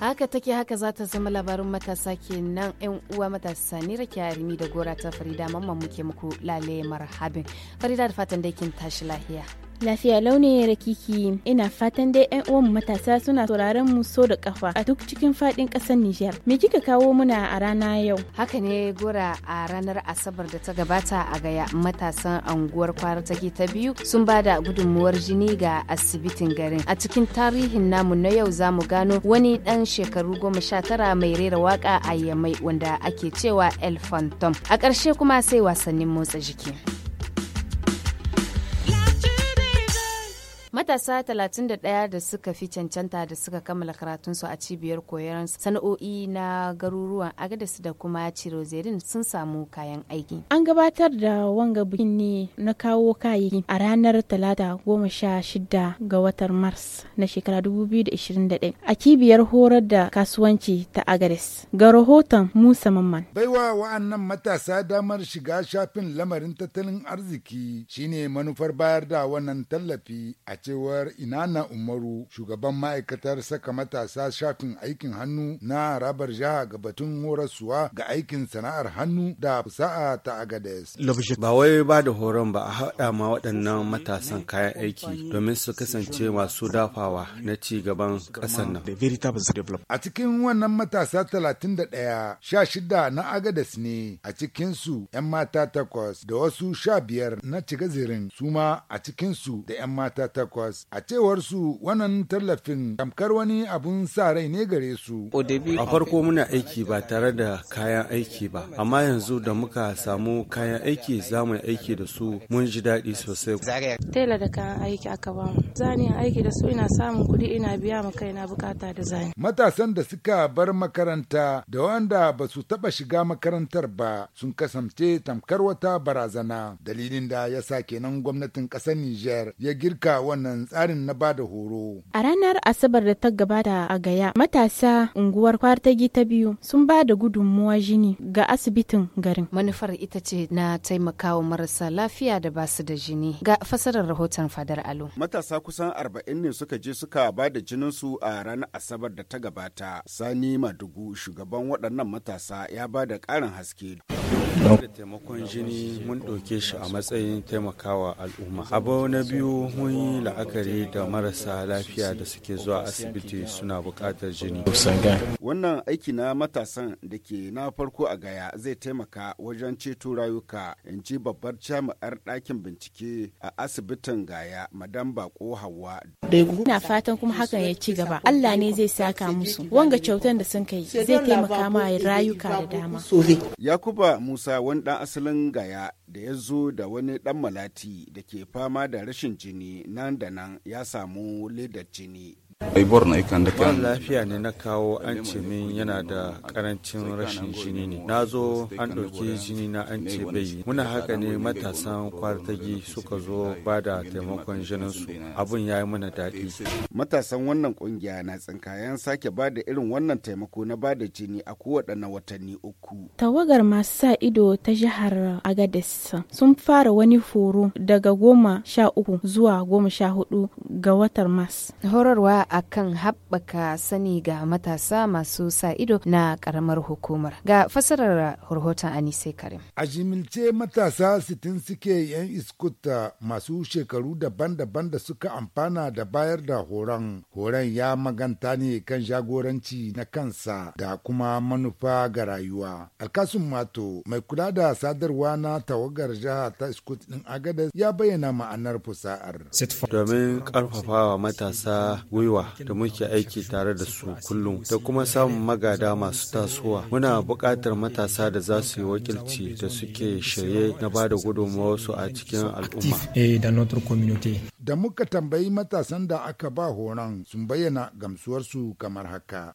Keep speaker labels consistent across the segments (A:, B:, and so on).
A: haka take haka za ta zama labarin matasa kenan yan uwa matasa ni rake arimi da gora ta farida mamman muke muku lale marhabin farida da fatan daikin tashi lahiya
B: Lafiya launi rakiki ina fatan dai 'yan uwan matasa suna sauraron mu so da kafa a duk cikin fadin kasar Nijar. Me kika kawo muna
A: a rana yau? Haka ne gora a ranar Asabar da ta gabata a gaya matasan anguwar kwara take ta biyu sun bada gudunmuwar jini ga asibitin garin. A cikin tarihin namu na yau za mu gano wani dan shekaru goma sha tara mai rera waka a yamai wanda ake cewa El Phantom. A ƙarshe kuma sai wasannin motsa jiki. matasa 31 da suka fi cancanta da suka kammala karatunsu a cibiyar koyon sana'o'i na garuruwan agadis da kuma cirozerin sun samu kayan aiki
B: an gabatar da wanga bikin ne na kawo kayi a ranar talata goma sha shida ga watan mars na shekara 2021 a cibiyar horar da kasuwanci ta agadis ga rahoton musa mamman
C: baiwa wa'annan matasa damar shiga shafin lamarin tattalin arziki shine manufar bayar da wannan tallafi a cewa cewar na Umaru shugaban ma'aikatar saka matasa shafin aikin hannu na harabar jiha ga batun horaswa ga aikin sana'ar hannu da fusa'a ta Agades.
D: Ba wai ba da horon ba a haɗa ma waɗannan matasan kayan aiki domin su kasance masu dafawa na ci gaban ƙasar nan. A cikin wannan matasa
C: talatin 31 sha shida na Agades ne a cikinsu 'yan mata takwas da wasu sha biyar na cigazirin su ma a cikinsu da 'yan mata takwas takwas a cewar su wannan tallafin tamkar wani abun sa rai ne gare su. A farko
D: muna aiki ba tare da kayan aiki ba amma yanzu da muka samu kayan aiki za mu aiki da su mun ji daɗi sosai.
B: Tela da kayan aiki aka ba mu. Zani aiki da su ina samun kuɗi ina biya ma kaina bukata da zani.
C: Matasan da suka bar makaranta da wanda ba su taɓa shiga makarantar ba sun kasance tamkar wata barazana dalilin da ya sa kenan gwamnatin ƙasar Nijar ya girka wannan wannan tsarin na bada horo.
B: A ranar Asabar da ta gabata a Gaya, matasa unguwar kwartagi ta biyu sun ba da gudunmuwa jini ga asibitin garin. Manufar ita ce na taimakawa
A: marasa lafiya da ba su da jini. Ga fasarar rahoton Fadar Alo.
E: Matasa kusan arba'in ne suka je suka ba da jininsu a ranar Asabar da ta gabata. Sani Madugu, shugaban waɗannan matasa ya ba da ƙarin haske. da taimakon jini mun
D: ɗauke shi a matsayin taimakawa al'umma abu na biyu mun yi la'akari da marasa lafiya da suke zuwa asibiti suna buƙatar jini
E: wannan aiki na matasan da ke na farko a gaya zai taimaka wajen ceto rayuka in ji babbar jami'ar ɗakin bincike a asibitin gaya madam bako hawa
B: ina fatan kuma hakan ya ci gaba allah ne zai saka musu wanga kyautan da sun kai zai taimaka ma rayuka da dama
E: yakuba Musa wani ɗan asalin gaya da ya zo da wani ɗan malati da ke fama da rashin jini nan da nan ya samu ledar jini.
D: mara lafiya ne na kawo an ce min yana da karancin rashin jini ne na zo an ɗauki jini na an ce bai muna haka ne matasan kwartagi suka zo ba da taimakon su abun ya yi mana
E: daɗi matasan wannan ƙungiya na tsinkayen sake ba da irin wannan taimako na ba da jini a kowaɗanne watanni uku
B: tawagar masu sa ido ta jihar agadez sun fara wani horo daga goma sha uku zuwa goma sha hudu ga watar mas horarwa a kan haɓaka sani ga matasa masu sa ido na
A: ƙaramar hukumar. Ga fasarar rahoton Anise Karim.
C: A jimilce matasa sitin suke 'yan iskuta masu shekaru daban-daban da suka amfana da bayar da horon. Horon ya maganta ne kan jagoranci na kansa da kuma manufa ga rayuwa. Alkasun Mato mai kula da sadarwa na tawagar jiha ta iskut ɗin Agadez ya bayyana ma'anar fusa'ar.
D: Domin wa matasa gwiwa yawa da muke aiki tare da su kullum da kuma samun magada masu tasowa muna buƙatar matasa da za su yi wakilci da suke shirye na ba da su a cikin al'umma
C: da muka tambayi matasan da aka ba horon sun bayyana gamsuwarsu kamar haka.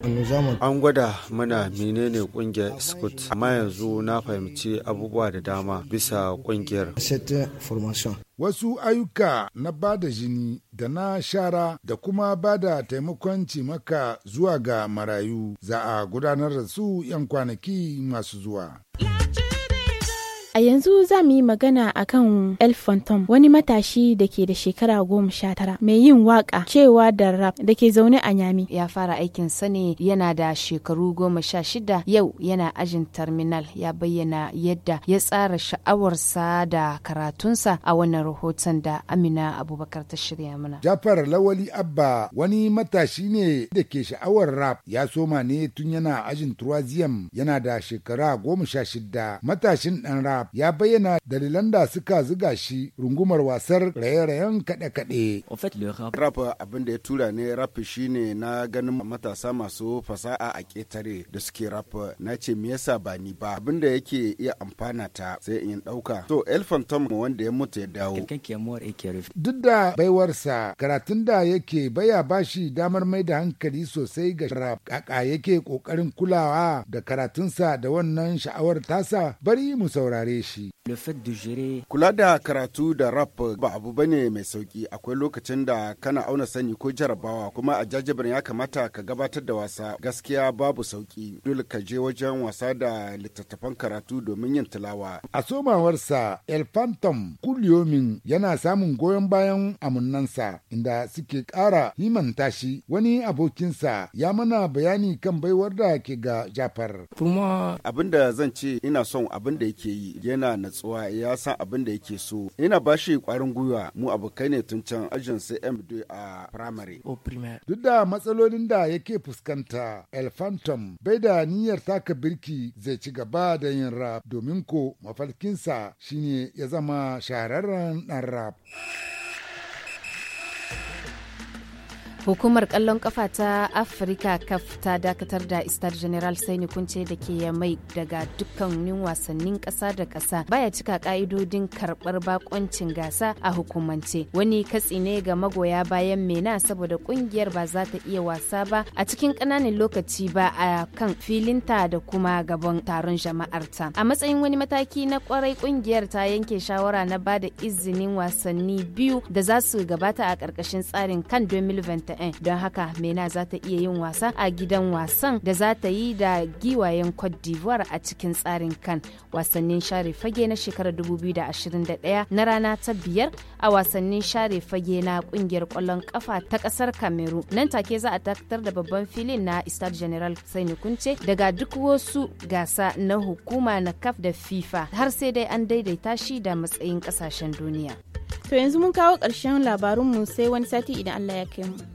D: An gwada mana menene kungiyar Scout amma yanzu na fahimci abubuwa da dama bisa kungiyar.
C: Wasu ayyuka na bada jini da na shara da kuma bada taimakon cimaka zuwa ga marayu za a gudanar da su 'yan kwanaki masu zuwa.
B: A yanzu za mu yi magana a kan El Phantom, wani matashi da ke da shekara goma sha tara, mai yin waka cewa da rap da ke zaune a Nyami. Ya fara aikin sani yana da shekaru goma sha
A: shida, yau yana ajin terminal ya bayyana yadda ya tsara sha'awarsa da karatunsa a wannan rahoton da Amina Abubakar ta shirya mana.
C: Jafar Lawali Abba wani matashi ne da ke sha'awar rap ya soma ne tun yana ajin Turaziyam yana da shekara goma sha shida matashin ɗan rap ya bayyana dalilan da suka zuga shi rungumar wasar raye-rayen kaɗe-kaɗe.
E: Rap abin da ya tura ne rap ne na ganin matasa masu fasa'a a ƙetare da suke rap na ce me yasa ba ni ba abin da yake iya amfana ta sai in ɗauka. To El Phantom wanda ya mutu ya dawo.
C: Duk da baiwarsa karatun da yake baya bashi damar mai da hankali sosai ga rap kaka yake ƙoƙarin kulawa da karatunsa da wannan sha'awar tasa bari mu saurare Aleixi
E: Kula da karatu da rap ba abu bane mai sauki akwai lokacin da kana auna sani ko jarabawa kuma a jajjabar ya kamata ka gabatar da wasa gaskiya babu sauki dole ka je wajen wasa da littattafan karatu domin yin tilawa.
C: A somawarsa El Phantom Kulyomin yana samun goyon bayan amunnansa inda suke ƙara himanta shi wani abokinsa ya mana bayani kan baiwar da ke ga Jafar.
E: Abin da zan ce ina son abin da yake yi yana natsuwa ya san abin da yake so ina ba shi kwarin gwiwa mu abokai ne tun can ajin sai md a primary
C: duk da matsalolin da yake fuskanta el phantom bai da niyyar taka birki zai ci gaba da yin rap domin ko mafarkinsa shine ya
A: zama shahararren dan rap Hukumar kallon kafa ta Afirka kaf ta dakatar da star General sai Saini Kunce da ke mai daga dukkanin wasannin kasa da kasa baya cika ka'idodin karbar bakoncin gasa a hukumance. Wani katsi ne ga magoya bayan mena saboda kungiyar ba za ta iya wasa ba a cikin ƙananan lokaci ba a kan filinta da kuma gaban taron jama'arta. A matsayin wani mataki na kwarai kungiyar ta yanke shawara na bada izinin wasanni biyu da za su gabata a ƙarƙashin tsarin kan 2020 don haka mena za ta iya yin wasa a gidan wasan da za ta yi da giwayen cote d'ivoire a cikin tsarin kan wasannin share fage na shekarar 2021 na rana ta biyar a wasannin share fage na kungiyar kwallon kafa ta kasar cameroon nan take za a tattar da babban filin na stade general sani kunce daga duk wasu gasa na hukuma na kaf da fifa har sai dai an daidaita shi da matsayin kasashen duniya
B: to yanzu mun kawo ƙarshen labarunmu sai wani sati idan allah ya kai mu